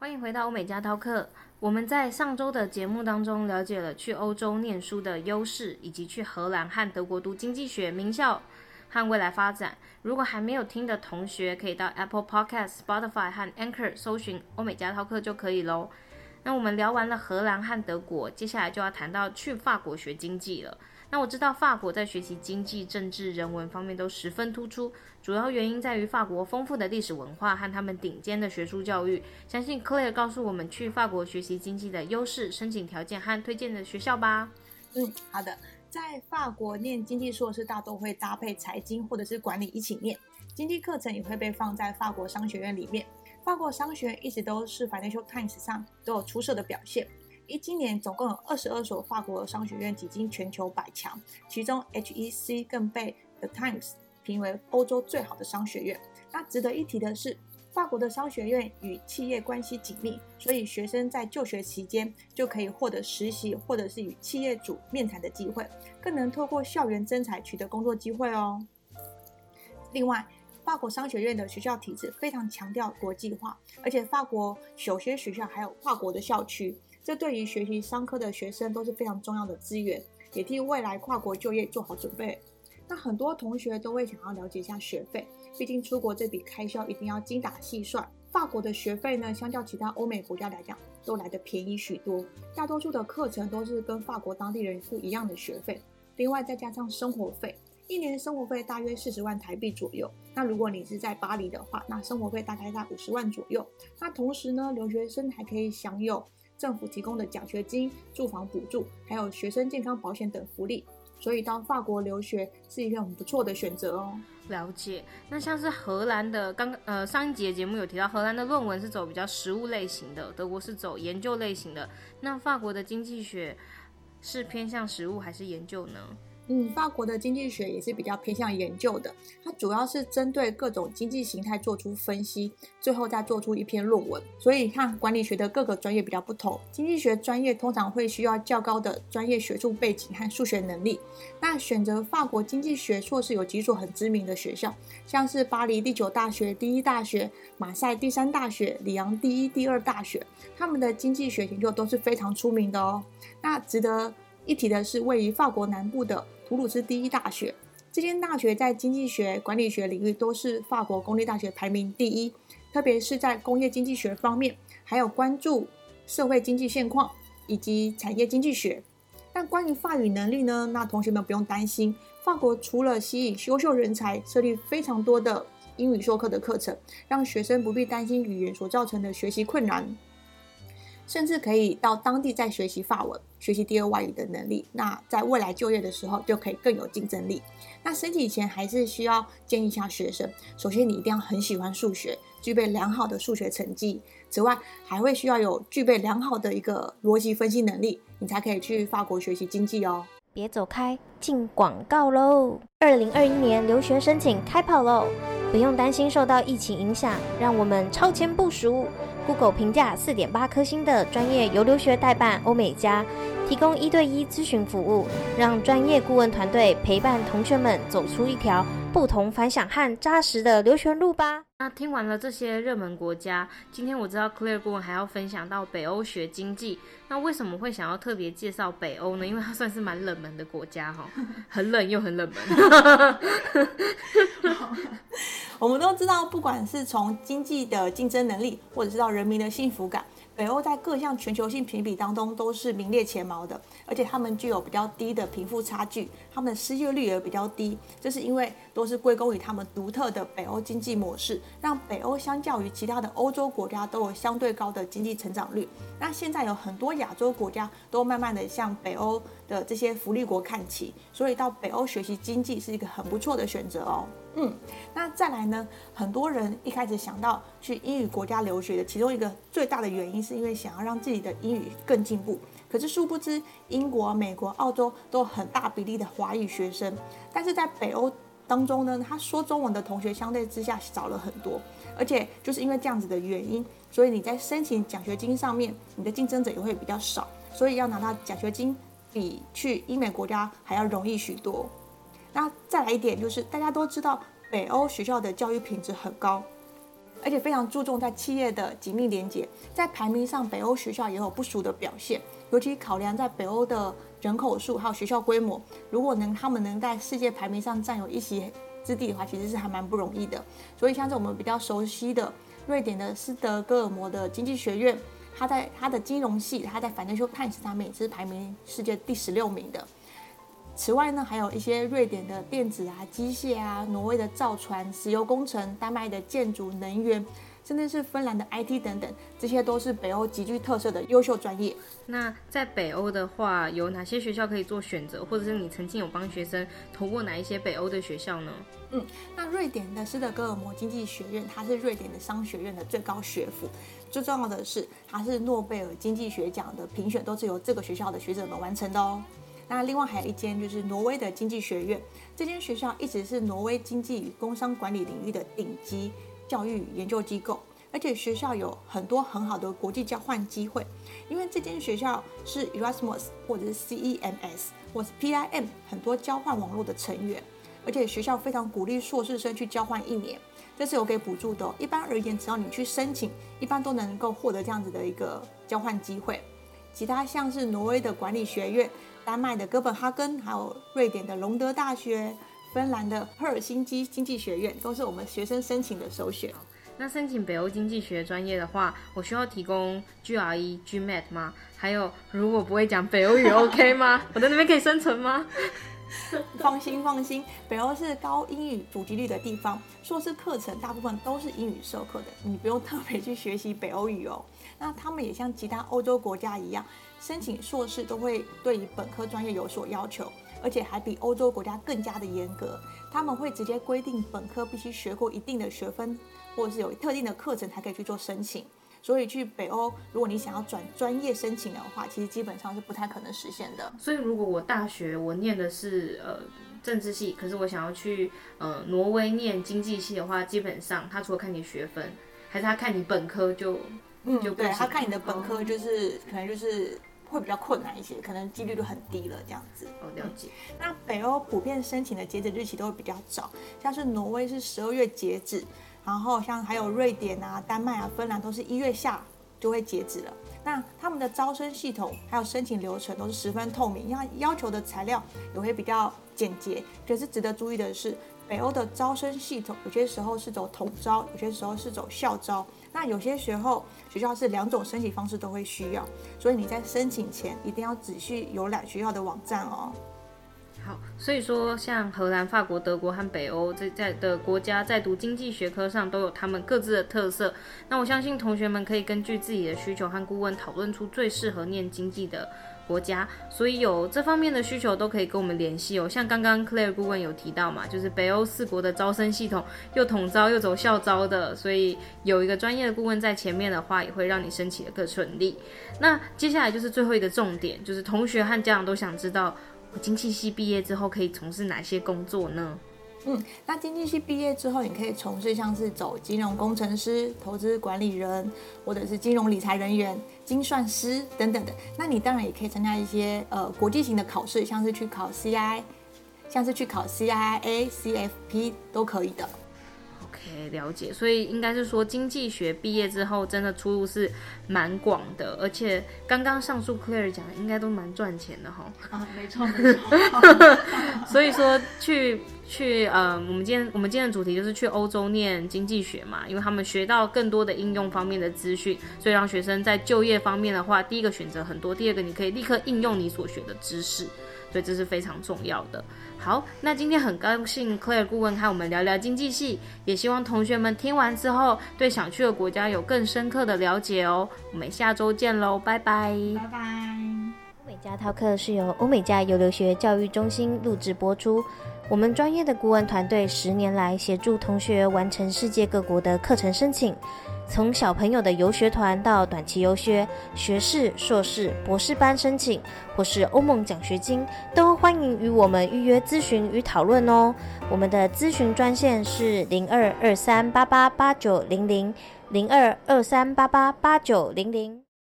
歡迎回到歐美加淘課。我們在上周的節目當中了解了去歐洲念書的優勢，以及去荷蘭和德國讀經濟學名校和未來發展。如果還沒有聽的同學，可以到 Apple Podcast、Spotify 和 Anchor 搜尋“歐美加淘課”就可以嘍。那我們聊完了荷蘭和德國，接下來就要談到去法國學經濟了。那我知道法國在學習經濟、政治、人文方面都十分突出，主要原因在於法國豐富的歷史文化和他們頂尖的學術教育。相信 Claire 告訴我們去法國學習經濟的優勢、申請條件和推薦的學校吧。嗯，好的，在法國念經濟碩士大都會搭配財經或者是管理一起念，經濟課程也會被放在法國商學院裡面。法國商學院一直都是《Financial Times》上都有出色的表現。一今年總共有二十二所法國商學院擠進全球百強，其中 HEC 更被《The Times》評為歐洲最好的商學院。那值得一提的是，法國的商學院與企業關係緊密，所以學生在就學期間就可以獲得實習或者是與企業主面談的機會，更能透過校園徵才取得工作機會哦。另外，法國商學院的學校體制非常強調國際化，而且法國有些學,學校還有跨國的校區，這對於學習商科的學生都是非常重要的資源，也替未來跨國就業做好準備。那很多同學都會想要了解一下學費，畢竟出國這筆開銷一定要精打細算。法國的學費呢，相較其他歐美國家來講，都來得便宜許多，大多數的課程都是跟法國當地人付一樣的學費，另外再加上生活費。一年生活費大約四十萬台幣左右。那如果你是在巴黎的話，那生活費大概在五十萬左右。那同時呢，留學生還可以享有政府提供的獎學金、住房補助，還有學生健康保險等福利。所以到法國留學是一個很不錯的選擇哦。了解。那像是荷蘭的，剛剛呃上一節節目有提到，荷蘭的論文是走比較實務類型的，德國是走研究類型的。那法國的經濟學是偏向實務還是研究呢？嗯，法國的經濟學也是比較偏向研究的，它主要是針對各種經濟形態做出分析，最後再做出一篇論文。所以你看管理學的各個專業比較不同，經濟學專業通常會需要較高的專業學術背景和數學能力。那選擇法國經濟學碩士有幾所很知名的學校，像是巴黎第九大學、第一大學、馬賽第三大學、里昂第一、第二大學，他們的經濟學研究都是非常出名的哦。那值得一提的是，位於法國南部的。普魯士第一大學，這間大學在經濟學、管理學領域都是法國公立大學排名第一，特別是在工業經濟學方面，還有關注社會經濟現況以及產業經濟學。但關於法語能力呢？那同學們不用擔心，法國除了吸引優秀人才，設立非常多的英語授課的課程，讓學生不必擔心語言所造成的學習困難。甚至可以到當地再學習法文，學習第二外語的能力。那在未來就業的時候，就可以更有競爭力。那申請前還是需要建議一下學生，首先你一定要很喜歡數學，具備良好的數學成績。此外，還會需要有具備良好的一個邏輯分析能力，你才可以去法國學習經濟哦。別走開，進廣告嘍！二零二一年留學申請開跑嘍！不用擔心受到疫情影響，讓我們超前部署。Google 評價四點八顆星的專業遊留學代辦歐美加，提供一對一諮詢服務，讓專業顧問團隊陪伴同學們走出一條。不同凡響和扎實的留學路吧。那聽完了這些熱門國家，今天我知道 Claire 顧問還要分享到北歐學經濟。那為什麼會想要特別介紹北歐呢？因為它算是蠻冷門的國家哈，很冷又很冷門。 我們都知道，不管是從經濟的競爭能力，或者是到人民的幸福感。北歐在各項全球性評比當中都是名列前茅的，而且他們具有比較低的貧富差距，他們的失業率也比較低，這是因為都是歸功於他們獨特的北歐經濟模式，讓北歐相較於其他的歐洲國家都有相對高的經濟成長率。那現在有很多亞洲國家都慢慢的向北歐的這些福利國看齊，所以到北歐學習經濟是一個很不錯的選擇哦、喔。嗯，那再來呢？很多人一開始想到去英語國家留學的，其中一個最大的原因是因為想要讓自己的英語更進步。可是殊不知，英國、美國、澳洲都有很大比例的華語學生，但是在北歐當中呢，他說中文的同學相對之下少了很多。而且就是因為這樣子的原因，所以你在申請獎學金上面，你的競爭者也會比較少，所以要拿到獎學金比去英美國家還要容易許多。那再來一點，就是大家都知道北歐學校的教育品質很高，而且非常注重在企業的緊密連接，在排名上北歐學校也有不俗的表現。尤其考量在北歐的人口數還有學校規模，如果能他們能在世界排名上占有一席之地的話，其實是還蠻不容易的。所以像這我們比較熟悉的瑞典的斯德哥爾摩的經濟學院，它在它的金融系，它在反正就 e s 上面也是排名世界第十六名的。此外呢，還有一些瑞典的電子啊、機械啊、挪威的造船、石油工程、丹麥的建築、能源，甚至是芬蘭的 IT 等等，這些都是北歐極具特色的優秀專業。那在北歐的話，有哪些學校可以做選擇？或者是你曾經有幫學生投過哪一些北歐的學校呢？嗯，那瑞典的斯德哥爾摩經濟學院，它是瑞典的商學院的最高學府，最重要的是，它是諾貝爾經濟學獎的評選都是由這個學校的學者們完成的哦。那另外還有一間就是挪威的經濟學院，這間學校一直是挪威經濟與工商管理領域的頂級教育研究機構，而且學校有很多很好的國際交換機會，因為這間學校是 Erasmus 或者是 CEMS 或是 PIM 很多交換網絡的成員，而且學校非常鼓勵碩士生去交換一年，這是有給補助的哦。一般而言，只要你去申請，一般都能夠獲得這樣子的一個交換機會。其他像是挪威的管理學院。丹麥的哥本哈根，還有瑞典的隆德大學、芬蘭的赫爾辛基經濟學院，都是我們學生申請的首選。那申請北歐經濟學專業的話，我需要提供 GRE、GMAT 嗎？還有，如果不會講北歐語，OK 嗎？ 我在那邊可以生存嗎？放心放心，北歐是高英語普及率的地方，碩士課程大部分都是英語授課的，你不用特別去學習北歐語哦。那他們也像其他歐洲國家一樣，申請碩士都會對於本科專業有所要求，而且還比歐洲國家更加的嚴格。他們會直接規定本科必須學過一定的學分，或者是有特定的課程才可以去做申請。所以去北歐，如果你想要轉專業申請的話，其實基本上是不太可能實現的。所以如果我大學我念的是呃政治系，可是我想要去、呃、挪威念經濟系的話，基本上他除了看你學分，還是他看你本科就，就不嗯對，他看你的本科就是、哦、可能就是會比較困難一些，可能幾率就很低了這樣子。哦，了解。嗯、那北歐普遍申請的截止日期都會比較早，像是挪威是十二月截止。然後像還有瑞典啊、丹麥啊、芬蘭都是一月下就會截止了。那他們的招生系統還有申請流程都是十分透明，因為要求的材料也會比較簡潔。可是值得注意的是，北歐的招生系統有些時候是走統招，有些時候是走校招。那有些時候學校是兩種申請方式都會需要，所以你在申請前一定要仔細瀏覽學校的網站哦。好，所以說，像荷蘭、法國、德國和北歐這在的國家，在讀經濟學科上都有他們各自的特色。那我相信同學們可以根據自己的需求和顧問討論出最適合念經濟的國家。所以有這方面的需求都可以跟我們聯繫哦。像剛剛 Claire 顧問有提到嘛，就是北歐四國的招生系統又統招又走校招的，所以有一個專業的顧問在前面的話，也會讓你申請得更順利。那接下來就是最後一個重點，就是同學和家長都想知道，經濟系畢業之後可以從事哪些工作呢？嗯，那經濟系畢業之後，你可以從事像是走金融工程師、投資管理人，或者是金融理財人員、精算師等等的。那你當然也可以參加一些呃國際型的考試，像是去考 CI，像是去考 CIA、CFP 都可以的。誒、欸，了解，所以應該是說經濟學畢業之後真的出路是蠻廣的，而且剛剛上述 Claire 講的應該都蠻賺錢的哈。啊、哦，沒錯沒錯。 所以說去去呃，我們今天我們今天的主題就是去歐洲念經濟學嘛，因為他們學到更多的應用方面的資訊，所以讓學生在就業方面的話，第一個選擇很多，第二個你可以立刻應用你所學的知識。所以這是非常重要的。好，那今天很高興 c l a r 顧問和我們聊聊經濟系，也希望同學們聽完之後對想去的國家有更深刻的了解哦。我們下周見嘍，拜拜。拜拜。歐美家套課是由歐美家遊留學教育中心錄製播出。我們專業的顧問團隊十年來協助同學完成世界各國的課程申請，從小朋友的遊學團到短期遊學、學士、碩士、博士班申請，或是歐盟獎學金，都歡迎與我們預約諮詢與討論哦。我們的諮詢專線是零二二三八八八九零零，零二二三八八八九零零。